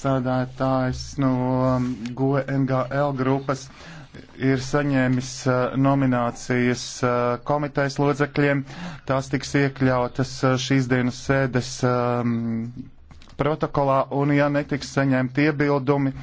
vicepriekšsādātājs no um, GNGL e grupas ir saņēmis uh, nominācijas uh, komitejas lodzekļiem. Tās tiks iekļautas uh, šīs dienas sēdes um, protokolā, un ja netiks saņemti iebildumi,